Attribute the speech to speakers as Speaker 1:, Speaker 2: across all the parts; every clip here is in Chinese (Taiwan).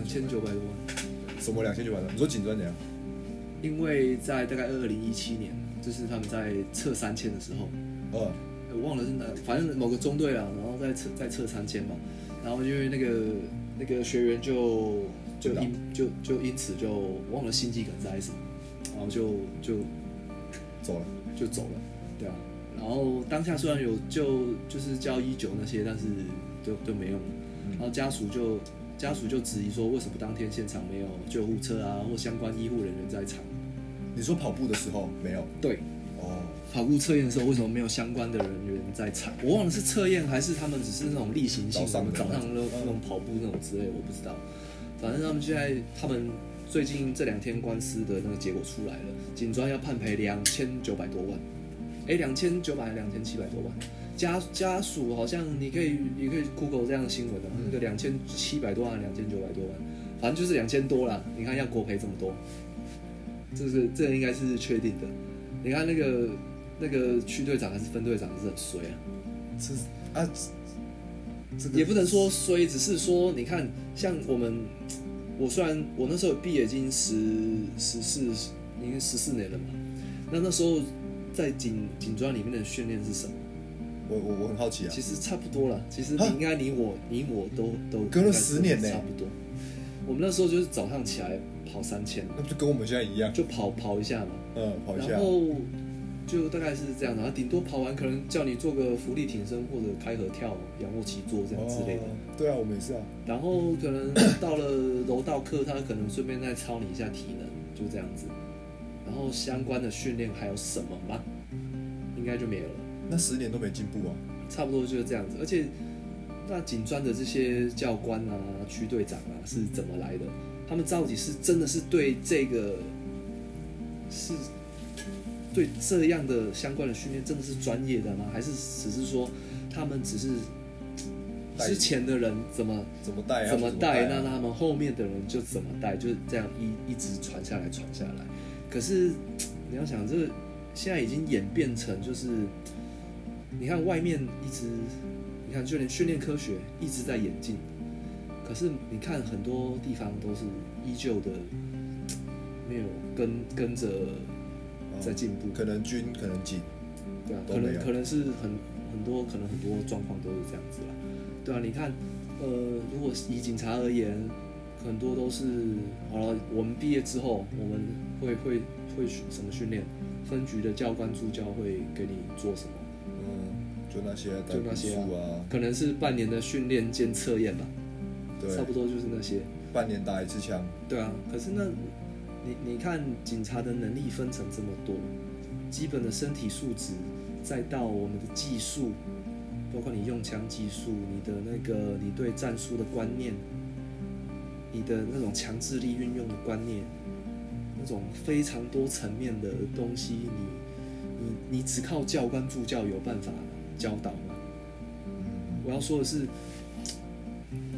Speaker 1: 兩千九百多萬，什麼兩千九百多？你說警專的？因為在大概二零一七年，就是他們在測三千的時候，呃、嗯，我忘了是哪，反正某個中隊啊，然後在測在測三千嘛，然後因為那個那個學員就就因大就就因此就忘了心肌梗塞什麼，然後就就走了，就走了，對啊，然後當下雖然有就就是叫一一九那些，但是都都沒用，嗯、然後家屬就。家屬就質疑說：“為什麼當天現場沒有救護車啊，或相關醫護人員在場？”你說跑步的時候沒有？對，哦，oh. 跑步測驗的時候為什麼沒有相關的人員在場？我忘了是測驗還是他們只是那種例行性，早上都那種，那種、嗯、跑步那種之類，我不知道。反正他們現在，他們最近這兩天官司的那個結果出來了，警專要判賠兩千九百多萬，哎、欸，兩千九百，兩千七百多萬。家家屬好像你可以，你可以 Google 這樣的新聞的，嗯、那個兩千七百多萬，兩千九百多萬，反正就是兩千多啦，你看一下國賠這麼多，這個這個、是這應該是確定的。你看那個那個區隊長還是分隊長是很衰啊，這是啊，這也不能說衰，只是說你看，像我們我雖然我那時候畢業已經十十四已經十四年了嘛，那那時候在警警裝裡面的訓練是什麼？我我我很好奇啊！其實差不多了，其實你應該你我蛤你我都都隔了十年呢，欸，差不多。我們那時候就是早上起來跑三千，那不就跟我們現在一樣，就跑跑一下嘛。嗯，跑一下，然後就大概是這樣的。然後頂多跑完，可能叫你做個伏地挺身或者開合跳，仰臥起坐這樣之類的。
Speaker 2: 啊對啊，我們也是啊。
Speaker 1: 然後可能到了柔道課，他可能順便再操你一下體能，就這樣子。然後相關的訓練還有什麼嗎？應該就沒有了。那十年都沒進步啊，差不多就是這樣子。而且，那警專的這些教官啊、區隊長啊是怎麼來的？他們到底是真的是對這個，是對這樣的相關的訓練真的是專業的嗎？還是只是說他們只是之帶前的人怎麼怎麼帶、啊、怎麼帶，他麼啊、那他們後面的人就怎麼帶，就是這樣一一直傳下來傳下，下來。可是你要想，這現在已經演變成就是。你看外面一直，你看就連訓練科學一直在演進，可是你看很多地方都是依舊的，沒有跟跟着在進步、嗯。可能軍，可能警，對啊，可能可能是很很多可能很多狀況都是這樣子啦，對啊，你看，呃，如果以警察而言，很多都是好了，我們畢業之後我們會會會什麼訓練，分局的教官助教會給你做什麼？就那些、啊啊、就那些啊，可能是半年的訓練兼測驗吧，對差不多就是那些。半年打一次槍。對啊，可是那，你你看警察的能力分成這麼多，基本的身體素質，再到我們的技術，包括你用槍技術、你的那個你對戰術的觀念、你的那種強制力運用的觀念，那種非常多層面的東西，你你你只靠教官助教有辦法。教導嘛，我要說的是，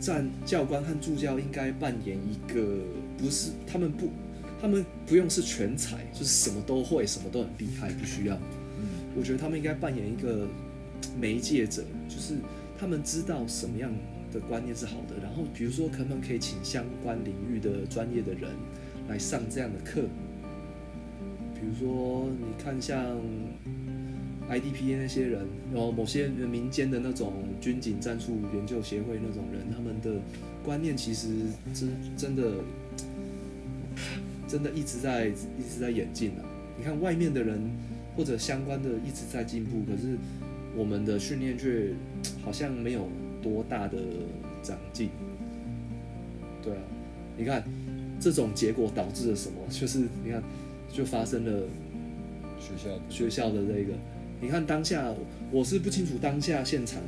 Speaker 1: 站教官和助教應該扮演一個不是他們不，他們不用是全才，就是什麼都會，什麼都很厲害，不需要。嗯，我覺得他們應該扮演一個媒介者，就是他們知道什麼樣的觀念是好的，然後比如說，可不可以請相關領域的專業的人來上這樣的課？比如說，你看像。IDPA 那些人，然後某些民間的那種軍警戰術研究協會那種人，他們的觀念其實真真的真的一直在一直在演進的啊。你看外面的人或者相關的一直在進步，可是我們的訓練卻好像沒有多大的長進。對啊，你看這種結果導致了什麼？就是你看，就發生了學校學校的那、這個。你看當下，我是不清楚當下現場。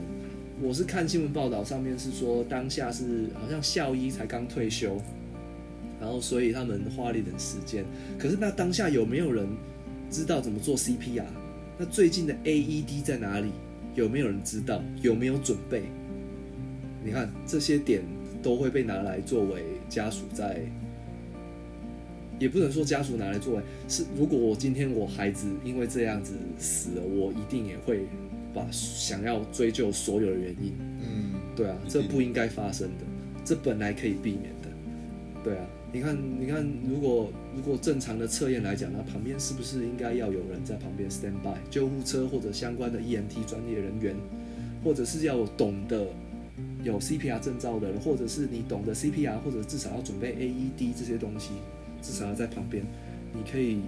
Speaker 1: 我是看新聞報道，上面是說當下是好像校醫才剛退休，然後所以他們花了一點時間。可是那當下有沒有人知道怎麼做 CPR？那最近的 AED 在哪裡？有沒有人知道？有沒有準備？你看這些點都會被拿來作為家屬在。也不能說家屬拿來作為、欸、是，如果我今天我孩子因為這樣子死了，我一定也會把想要追究所有的原因。嗯，對啊，這不應該發生的，這本來可以避免的。對啊，你看，你看，如果如果正常的測驗來講呢，那旁邊是不是應該要有人在旁邊 stand by，救護車或者相關的 EMT 專業人員，或者是要懂得有 CPR 證照的人，或者是你懂得 CPR，或者至少要準備 AED 這些東西。至少在旁邊，你可以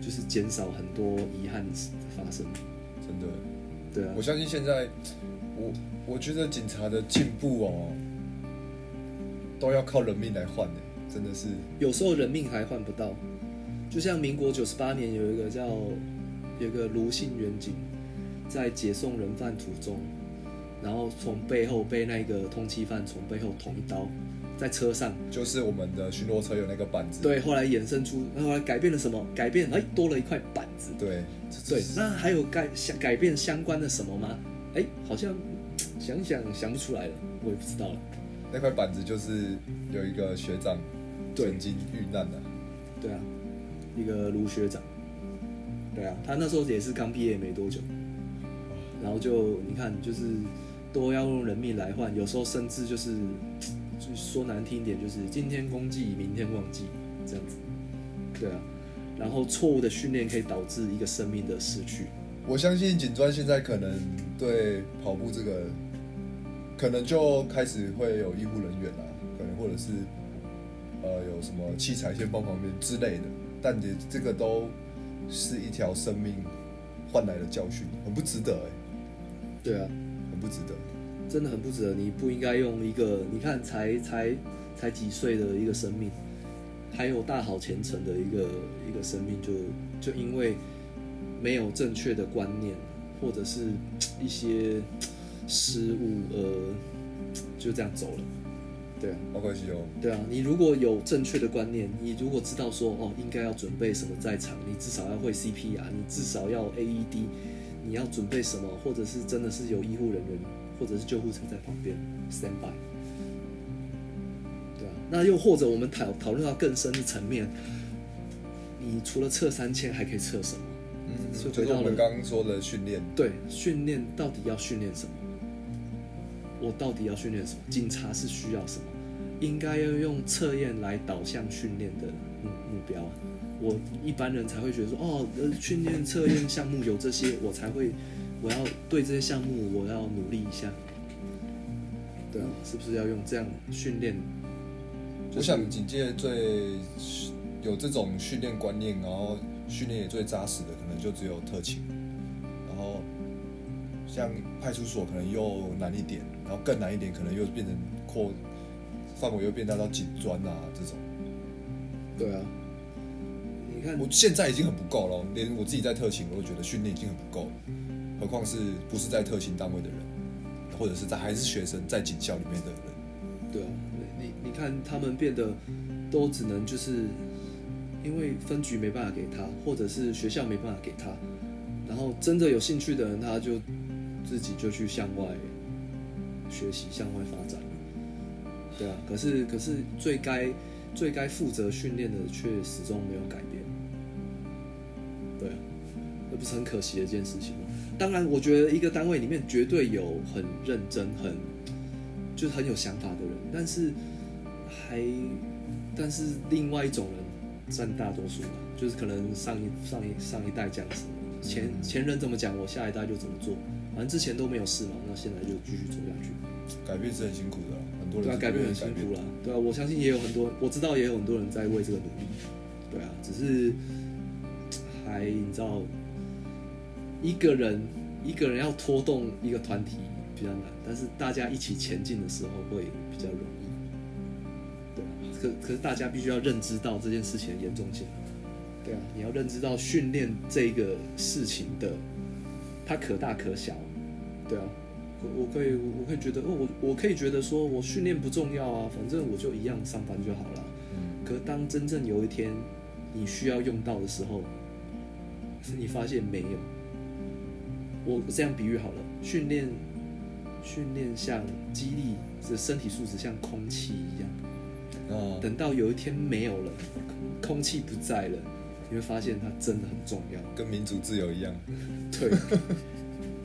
Speaker 1: 就是減少很多遺憾的發生，真的，對啊。我相信
Speaker 2: 現在我我覺得警察的進步哦，都
Speaker 1: 要靠人命來換的、欸，真的是。有時候人命還換不到，就像民國九十八年有一個叫有一個盧姓員警，在解送人犯途中，然後從背後被那個通緝犯從背後捅一刀。在車上，就是我們的巡邏車有那個板子。對，後來衍生出，後來改變了什麼？改變，哎、欸，多了一塊板子。對，對。那還有改，想改變相關的什麼嗎？哎、欸，好像想想想不出來了，我也不知道了。那塊板子就是
Speaker 2: 有一個學長，曾經遇難的。對啊，一個盧學
Speaker 1: 長。對啊，他那時候也是剛畢業沒多久，然後就你看，就是都要用人命來換，有時候甚至就是。所以說難聽一點，就是今天公祭，明天忘記，這樣子，對啊。然後錯誤的訓練可以導致一個生命的失去。我相信警專現在可能對
Speaker 2: 跑步這個，可能就開始會有醫護人員啊，可能或者是呃有什麼器材先放旁邊之類的。但你這個都
Speaker 1: 是一條生命換來的教訓，很不值得哎、欸。對啊，很不值得。真的很不值得，你不應該用一個你看才才才幾歲的一個生命，還有大好前程的一個一個生命，就就因為沒有正確的觀念，或者是一些失誤，呃，就這樣走了。對啊，好可惜哦。對啊，你如果有正確的觀念，你如果知道說哦，應該要準備什麼在場，你至少要會 CPR，你至少要 AED。你要準備什麼，或者是真的是有醫護人員，或者是救護車在旁邊 stand by，對啊，那又或者我們討討論到更深的層面，你除了測三千還可以測什麼？嗯，嗯，就回到就我們剛剛說的訓練，對，訓練到底要訓練什麼？我到底要訓練什麼？嗯、警察是需要什麼？應該要用測驗來導向訓練的目目標。我一般人才會覺得說：“哦，呃，訓練測驗項目有這些，我才會我要對這些項目我要努力一下。嗯”對啊，是不是要用這樣訓練？
Speaker 2: 我想警界最有這種訓練觀念，然後訓練也最扎實的，可能就只有特勤。然後像派出所可能又難一點，然後更難一點可能又變成擴。範圍又變大到警專啊，這種。對啊，你看，我現在已經很不夠了，連我自己在特勤，我都覺得訓練已經很不夠了，何況是不是在特勤單
Speaker 1: 位的人，或者是在還是學生在警校裡面的人？對啊，你你看他們變得都只能就是，因為分局沒辦法給他，或者是學校沒辦法給他，然後真的有興趣的人，他就自己就去向外學習、向外發展。對啊，可是可是最該最該負責訓練的卻始終沒有改變，對啊，這不是很可惜的一件事情嗎？當然，我覺得一個單位裡面絕對有很認真、很就是很有想法的人，但是還但是另外一種人佔大多數，就是可能上一上一上一代這樣子，前前人怎麼講，我下一代就怎麼做，反正之前都沒有事嘛，那現在就繼續做下去，改變是很辛苦的啊。對啊，改變很辛苦了。對啊，我相信也有很多，我知道也有很多人在為這個努力。對啊，只是還你知道，一個人一個人要拖動一個團體比較難，但是大家一起前進的時候會比較容易。對啊，可可是大家必須要認知到這件事情的嚴重性。對啊，你要認知到訓練這個事情的它可大可小。對啊。我可以，我可以覺得哦，我我可以覺得說，我訓練不重要啊，反正我就一樣上班就好了。嗯、可當真正有一天你需要用到的時候，嗯、你發現沒有，我這樣比喻好了，訓練訓練像肌力，是身體素質像空氣一樣。嗯、等到有一天沒有了，空氣不在了，你會發現它真的很重要。跟民主自由一樣。 對。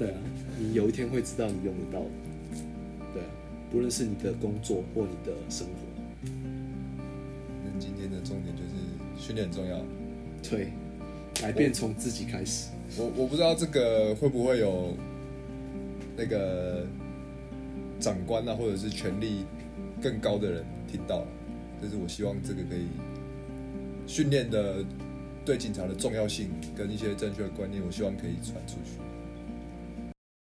Speaker 1: 對啊，你有一天會
Speaker 2: 知道你用得到的。對啊，不論是你的工作或你的生活。那今天的重點就是訓練很重要。對，
Speaker 1: 改變從自己開始。我
Speaker 2: 我，我不知道這個會不會有那個長官啊，或者是權力更高的人聽到了，但是我希望這個可以訓練的對警察的重要性跟一些正確的觀念，我希望可以傳出去。